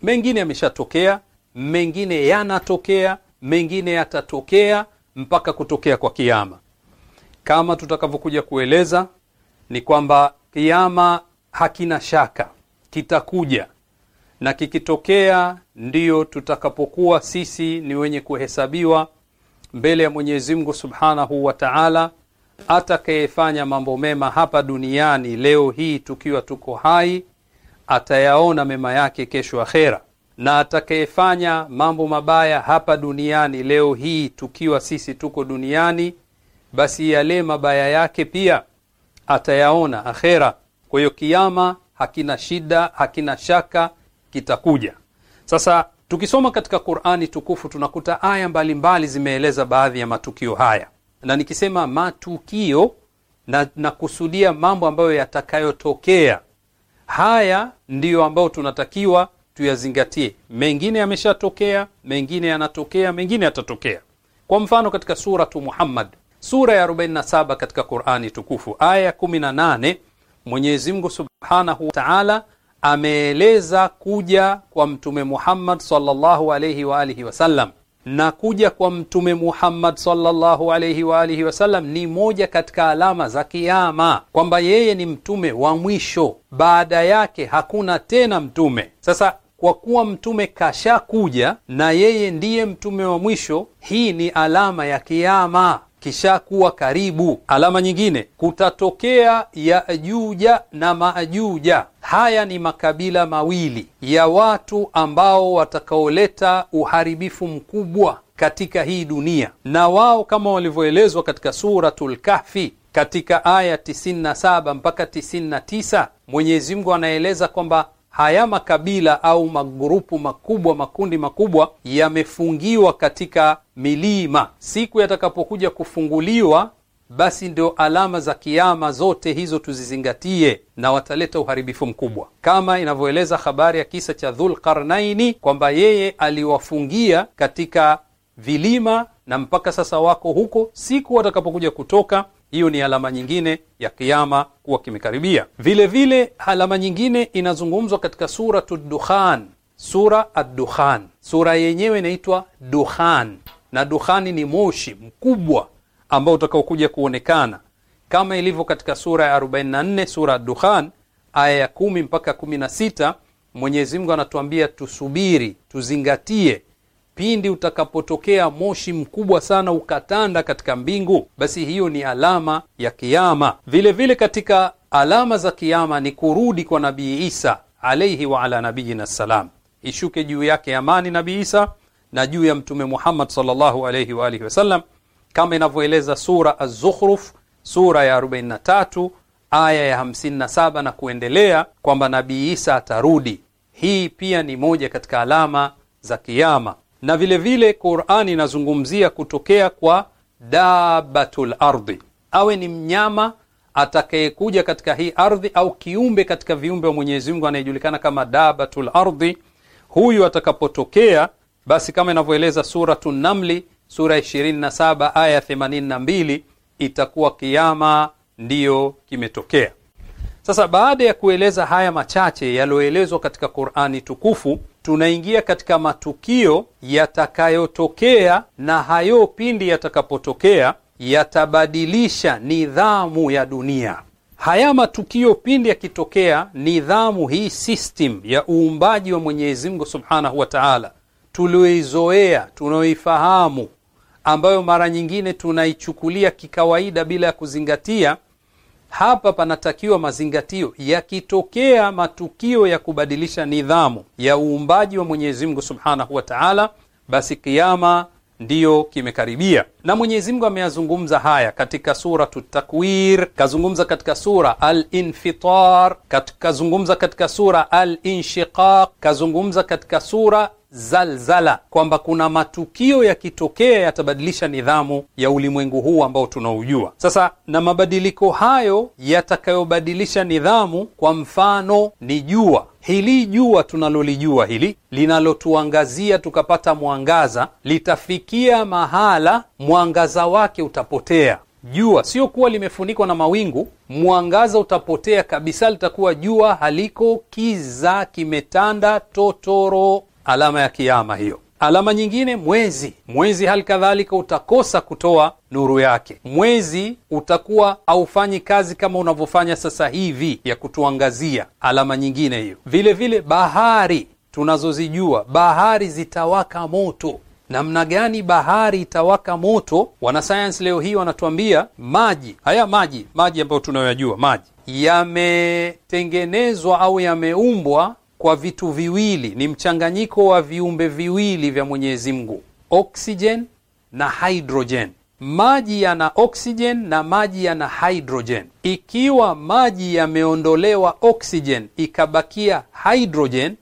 mengine yameshatokea, mengine yanatokea, mengine yatatokea mpaka kutokea kwa kiama. Kama tutakavyokuja kueleza, ni kwamba kiama hakina shaka kitakuja, na kikitokea ndiyo tutakapokuwa sisi ni wenye kuhesabiwa mbele ya Mwenyezi Mungu Subhanahu wa Ta'ala. Atakayefanya mambo mema hapa duniani leo hii tukiwa tuko hai, atayaona mema yake kesho akhera na atakayefanya mambo mabaya hapa duniani leo hii, tukiwa sisi tuko duniani, basi yale mabaya yake pia atayaona akhera. Kwa hiyo kiama hakina shida, hakina shaka kitakuja. Sasa tukisoma katika Qur'ani tukufu tunakuta aya mbalimbali zimeeleza baadhi ya matukio haya, na nikisema matukio na nakusudia mambo ambayo yatakayotokea. Haya ndiyo ambayo tunatakiwa tuyazingatie. Mengine yameshatokea, mengine yanatokea, mengine yatatokea. Kwa mfano katika Suratu Muhammad, sura ya 47 katika Qurani Tukufu, aya 18, Mwenyezi Mungu subhanahu wa taala ameeleza kuja kwa Mtume Muhammad sallallahu alayhi wa alihi wasallam, na kuja kwa Mtume Muhammad sallallahu alayhi wa alihi wasallam ni moja katika alama za Kiama, kwamba yeye ni mtume wa mwisho, baada yake hakuna tena mtume. Sasa kwa kuwa mtume kashakuja na yeye ndiye mtume wa mwisho. Hii ni alama ya kiama kishakuwa karibu. Alama nyingine kutatokea Yajuja na Majuja. Haya ni makabila mawili ya watu ambao watakaoleta uharibifu mkubwa katika hii dunia, na wao kama walivyoelezwa katika Suratul Kahfi katika aya 97 mpaka 99, Mwenyezi Mungu anaeleza kwamba haya makabila au magrupu makubwa, makundi makubwa yamefungiwa katika milima. Siku yatakapokuja kufunguliwa, basi ndio alama za kiama zote hizo tuzizingatie, na wataleta uharibifu mkubwa, kama inavyoeleza habari ya kisa cha Dhulqarnaini kwamba yeye aliwafungia katika vilima na mpaka sasa wako huko. Siku watakapokuja kutoka hiyo ni alama nyingine ya kiama kuwa kimekaribia. Vile vile alama nyingine inazungumzwa katika suratu Dukhan, sura Addukhan. Sura yenyewe inaitwa Dukhan, na dukhani ni moshi mkubwa ambao utakaokuja kuonekana kama ilivyo katika sura ya 44 sura Addukhan aya ya 10 mpaka 16. Mwenyezi Mungu anatuambia tusubiri, tuzingatie pindi utakapotokea moshi mkubwa sana ukatanda katika mbingu, basi hiyo ni alama ya kiama. Vile vile katika alama za kiama ni kurudi kwa Nabii Isa alaihi wa ala nabiyina salam, ishuke juu yake amani Nabii Isa na juu ya Mtume Muhammad sallallahu alaihi wa alihi wasallam, kama inavyoeleza sura Az-Zukhruf sura ya 43 aya ya 57 na kuendelea kwamba Nabii Isa atarudi. Hii pia ni moja katika alama za kiama na vile vile Qur'ani inazungumzia kutokea kwa dabatul ardi, awe ni mnyama atakayekuja katika hii ardhi au kiumbe katika viumbe wa Mwenyezi Mungu anayejulikana kama dabatul ardi. Huyu atakapotokea basi, kama inavyoeleza Suratu Namli sura 27 aya 82, itakuwa kiama ndiyo kimetokea. Sasa baada ya kueleza haya machache yaliyoelezwa katika Qur'ani tukufu tunaingia katika matukio yatakayotokea, na hayo pindi yatakapotokea yatabadilisha nidhamu ya dunia. Haya matukio pindi yakitokea, nidhamu hii, system ya uumbaji wa Mwenyezi Mungu Subhanahu wa Ta'ala, tulioizoea tunaoifahamu, ambayo mara nyingine tunaichukulia kikawaida bila ya kuzingatia hapa panatakiwa mazingatio. Yakitokea matukio ya kubadilisha nidhamu ya uumbaji wa Mwenyezi Mungu subhanahu wa taala, basi kiama ndiyo kimekaribia. Na Mwenyezi Mungu ameyazungumza haya katika Suratu Takwir, kazungumza katika sura Al-Infitar, kazungumza katika sura Al-Inshiqaq, kazungumza katika sura zalzala, kwamba kuna matukio yakitokea yatabadilisha nidhamu ya ulimwengu huu ambao tunaujua sasa, na mabadiliko hayo yatakayobadilisha nidhamu, kwa mfano ni jua hili jua tunalolijua hili linalotuangazia tukapata mwangaza, litafikia mahala mwangaza wake utapotea. Jua sio kuwa limefunikwa na mawingu, mwangaza utapotea kabisa, litakuwa jua haliko, kiza kimetanda totoro alama ya kiama hiyo. Alama nyingine mwezi. Mwezi hali kadhalika utakosa kutoa nuru yake. Mwezi utakuwa haufanyi kazi kama unavyofanya sasa hivi ya kutuangazia, alama nyingine hiyo. Vile vile bahari tunazozijua, bahari zitawaka moto. Namna gani bahari itawaka moto? Wanasayansi leo hii wanatuambia maji haya, maji maji ambayo tunayoyajua, maji yametengenezwa au yameumbwa kwa vitu viwili, ni mchanganyiko wa viumbe viwili vya Mwenyezi Mungu, oksijen na hydrogen. Maji yana oksijen na maji yana hydrogen. Ikiwa maji yameondolewa oksijen ikabakia hydrogen,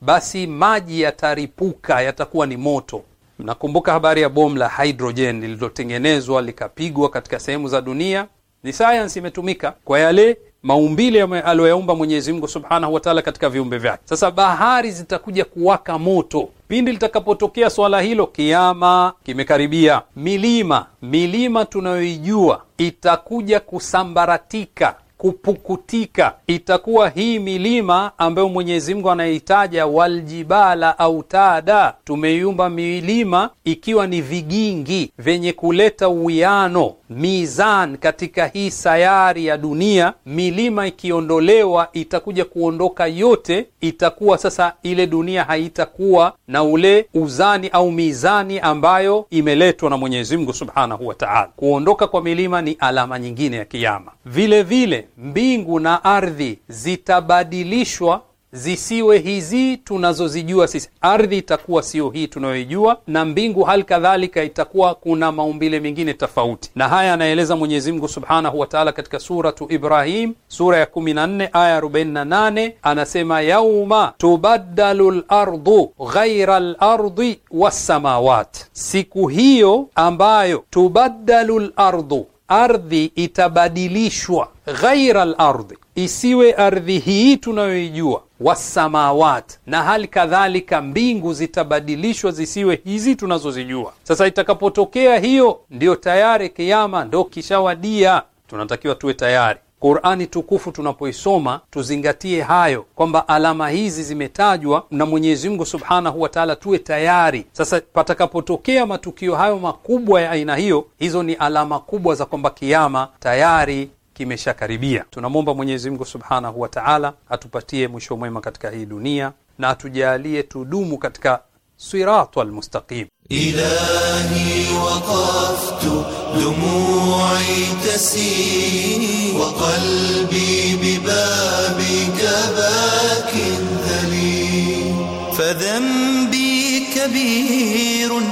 basi maji yataripuka, yatakuwa ni moto. Mnakumbuka habari ya bomu la hydrogen lililotengenezwa likapigwa katika sehemu za dunia? Ni sayansi imetumika kwa yale maumbile aliyoyaumba Mwenyezi Mungu Subhanahu wa Ta'ala katika viumbe vyake. Sasa bahari zitakuja kuwaka moto pindi litakapotokea swala hilo, kiama kimekaribia. Milima, milima tunayoijua itakuja kusambaratika kupukutika itakuwa hii milima ambayo Mwenyezi Mungu anaitaja waljibala au tada, tumeiumba milima ikiwa ni vigingi vyenye kuleta uwiano mizan katika hii sayari ya dunia, milima ikiondolewa, itakuja kuondoka yote, itakuwa sasa ile dunia haitakuwa na ule uzani au mizani ambayo imeletwa na Mwenyezi Mungu subhanahu wa taala. Kuondoka kwa milima ni alama nyingine ya Kiama. Vile vile mbingu na ardhi zitabadilishwa zisiwe hizi tunazozijua sisi. Ardhi itakuwa sio hii tunayoijua, na mbingu hali kadhalika itakuwa kuna maumbile mengine tofauti. Na haya anaeleza Mwenyezi Mungu subhanahu wa taala katika Suratu Ibrahim sura ya 14 aya 48, anasema yauma tubaddalu lardu ghaira lardi wassamawat, siku hiyo ambayo tubaddalu lardu ardhi itabadilishwa, ghaira al isiwe ardhi hii tunayoijua wasamawat, na hali kadhalika mbingu zitabadilishwa zisiwe hizi tunazozijua. Sasa itakapotokea hiyo, ndiyo tayari kiama ndo kishawadia, tunatakiwa tuwe tayari. Qurani tukufu tunapoisoma tuzingatie hayo kwamba alama hizi zimetajwa na Mwenyezi Mungu subhanahu wa taala, tuwe tayari. Sasa patakapotokea matukio hayo makubwa ya aina hiyo, hizo ni alama kubwa za kwamba kiama tayari kimeshakaribia. Tunamwomba Mwenyezi Mungu subhanahu wa taala atupatie mwisho mwema katika hii dunia na atujalie tudumu katika sirata almustaqim. Ilahi waqaftu dumu'i tasiri wa qalbi bibabika bakin dhali fadhanbi kabirun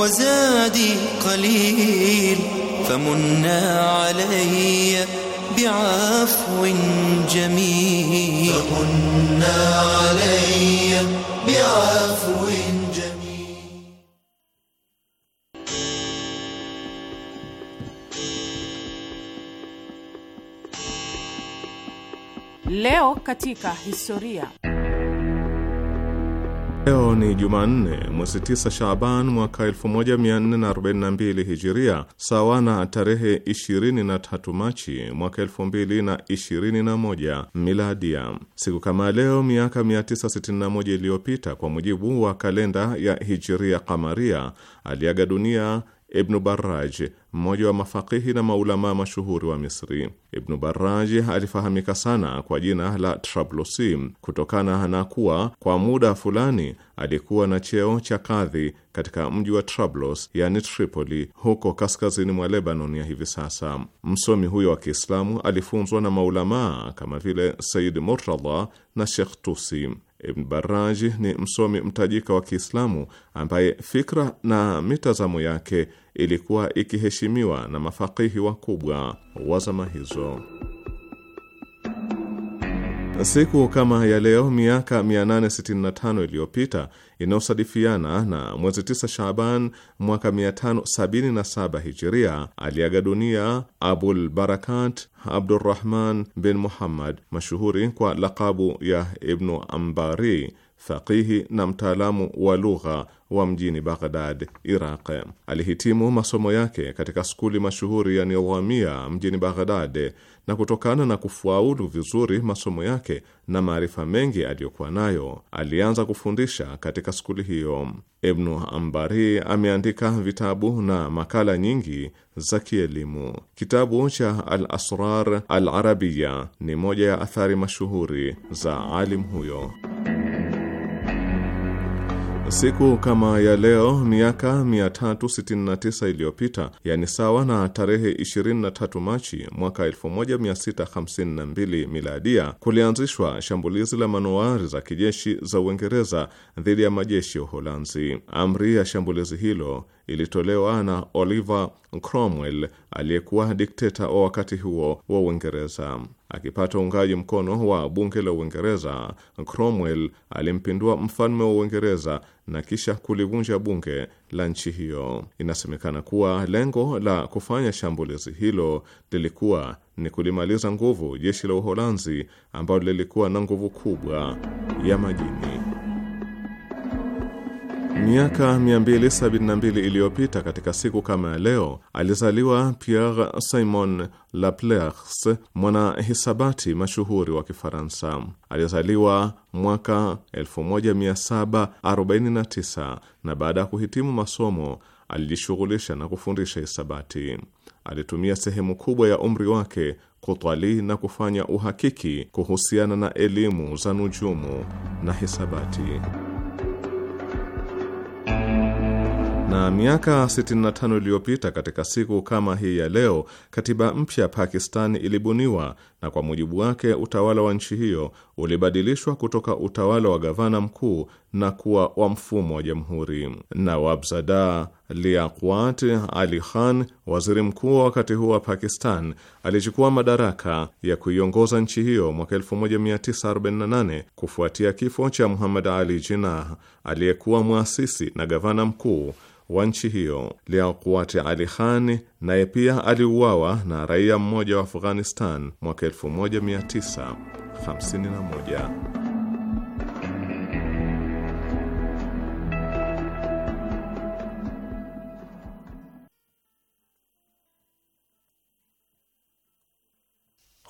wa zadi qalil فمنا علي بعفو جميل فمنا علي بعفو جميل Leo katika historia Leo ni Jumanne, mwezi 9 Shaaban mwaka 1442 Hijiria, sawa na tarehe 23 Machi mwaka 2021 Miladia. Siku kama leo miaka 961 iliyopita, kwa mujibu wa kalenda ya Hijiria Kamaria, aliaga dunia Ibnu Barraj, mmoja wa mafakihi na maulamaa mashuhuri wa Misri. Ibnu Barraj alifahamika sana kwa jina la Trablusi kutokana na kuwa kwa muda fulani alikuwa na cheo cha kadhi katika mji wa Trablos, yani Tripoli, huko kaskazini mwa Lebanon ya hivi sasa. Msomi huyo wa Kiislamu alifunzwa na maulamaa kama vile Said Murtadha na Sheikh Tusi. Ibn e, Baraj ni msomi mtajika wa Kiislamu ambaye fikra na mitazamo yake ilikuwa ikiheshimiwa na mafakihi wakubwa wa zama hizo. Siku kama ya leo miaka 865 iliyopita inayosadifiana na mwezi 9 Shaban mwaka 577 Hijiria, aliaga dunia Abul Barakat Abdurrahman bin Muhammad, mashuhuri kwa lakabu ya Ibnu Ambari, faqihi na mtaalamu wa lugha wa mjini Baghdad, Iraq. Alihitimu masomo yake katika skuli mashuhuri ya Nidhamia mjini Baghdad, na kutokana na kufaulu vizuri masomo yake na maarifa mengi aliyokuwa nayo, alianza kufundisha katika skuli hiyo. Ibnu Ambari ameandika vitabu na makala nyingi za kielimu. Kitabu cha Al-Asrar Al-Arabiya ni moja ya athari mashuhuri za alim huyo. Siku kama ya leo miaka 369 iliyopita, yani sawa na tarehe 23 Machi mwaka 1652 miladia, kulianzishwa shambulizi la manowari za kijeshi za Uingereza dhidi ya majeshi ya Uholanzi. Amri ya shambulizi hilo ilitolewa na Oliver Cromwell aliyekuwa dikteta wa wakati huo wa Uingereza. Akipata uungaji mkono wa bunge la Uingereza, Cromwell alimpindua mfalme wa Uingereza na kisha kulivunja bunge la nchi hiyo. Inasemekana kuwa lengo la kufanya shambulizi hilo lilikuwa ni kulimaliza nguvu jeshi la Uholanzi ambalo lilikuwa na nguvu kubwa ya majini. Miaka 272 iliyopita katika siku kama ya leo alizaliwa Pierre Simon Laplace, mwanahisabati mashuhuri wa Kifaransa. Alizaliwa mwaka 1749 na baada ya kuhitimu masomo alijishughulisha na kufundisha hisabati. Alitumia sehemu kubwa ya umri wake kutwalii na kufanya uhakiki kuhusiana na elimu za nujumu na hisabati. Na miaka 65 iliyopita katika siku kama hii ya leo, katiba mpya Pakistan ilibuniwa na kwa mujibu wake utawala wa nchi hiyo ulibadilishwa kutoka utawala wa gavana mkuu na kuwa wa mfumo wa jamhuri. Na Wabzada Liaquat Ali Khan, waziri mkuu wa wakati huo wa Pakistan, alichukua madaraka ya kuiongoza nchi hiyo mwaka 1948 kufuatia kifo cha Muhammad Ali Jinnah aliyekuwa mwasisi na gavana mkuu wa nchi hiyo Liaquati Ali Khan naye pia aliuawa na raia mmoja wa Afghanistan mwaka 1951.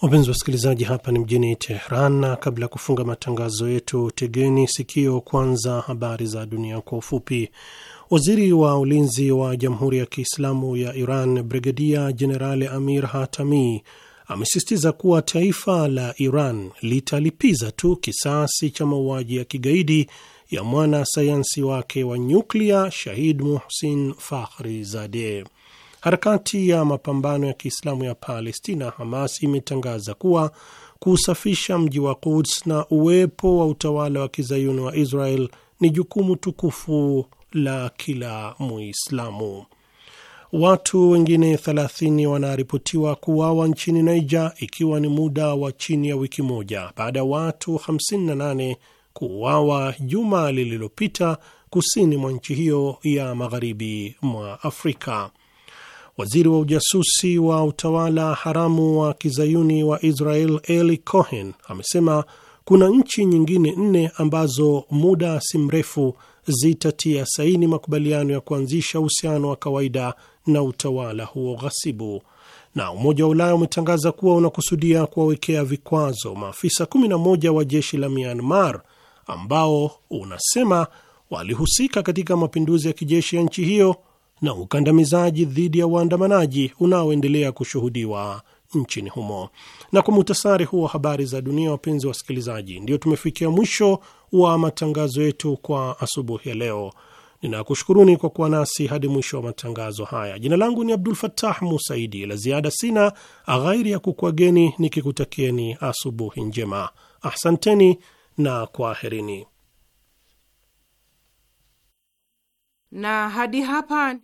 Wapenzi wasikilizaji, hapa ni mjini Teheran, na kabla ya kufunga matangazo yetu, tegeni sikio kwanza habari za dunia kwa ufupi. Waziri wa ulinzi wa Jamhuri ya Kiislamu ya Iran Brigedia Jenerali Amir Hatami amesisitiza kuwa taifa la Iran litalipiza tu kisasi cha mauaji ya kigaidi ya mwana sayansi wake wa nyuklia Shahid Muhsin Fakhri zade Harakati ya mapambano ya Kiislamu ya Palestina Hamas imetangaza kuwa kusafisha mji wa Quds na uwepo wa utawala wa kizayuni wa Israel ni jukumu tukufu la kila Muislamu. Watu wengine 30 wanaripotiwa kuuawa nchini Niger, ikiwa ni muda wa chini ya wiki moja baada ya watu 58 kuuawa juma lililopita kusini mwa nchi hiyo ya magharibi mwa Afrika. Waziri wa ujasusi wa utawala haramu wa kizayuni wa Israel Eli Cohen amesema kuna nchi nyingine nne ambazo muda si mrefu zitatia saini makubaliano ya kuanzisha uhusiano wa kawaida na utawala huo ghasibu. Na Umoja wa Ulaya umetangaza kuwa unakusudia kuwawekea vikwazo maafisa 11 wa jeshi la Myanmar ambao unasema walihusika katika mapinduzi ya kijeshi ya nchi hiyo na ukandamizaji dhidi ya waandamanaji unaoendelea kushuhudiwa nchini humo. Na kwa muhtasari huo habari za dunia, wapenzi wasikilizaji, ndio tumefikia mwisho wa matangazo yetu kwa asubuhi ya leo. Ninakushukuruni kwa kuwa nasi hadi mwisho wa matangazo haya. Jina langu ni Abdul fatah Musaidi. La ziada sina ghairi ya kukwageni nikikutakieni asubuhi njema. Ahsanteni na kwaherini. Na hadi hapa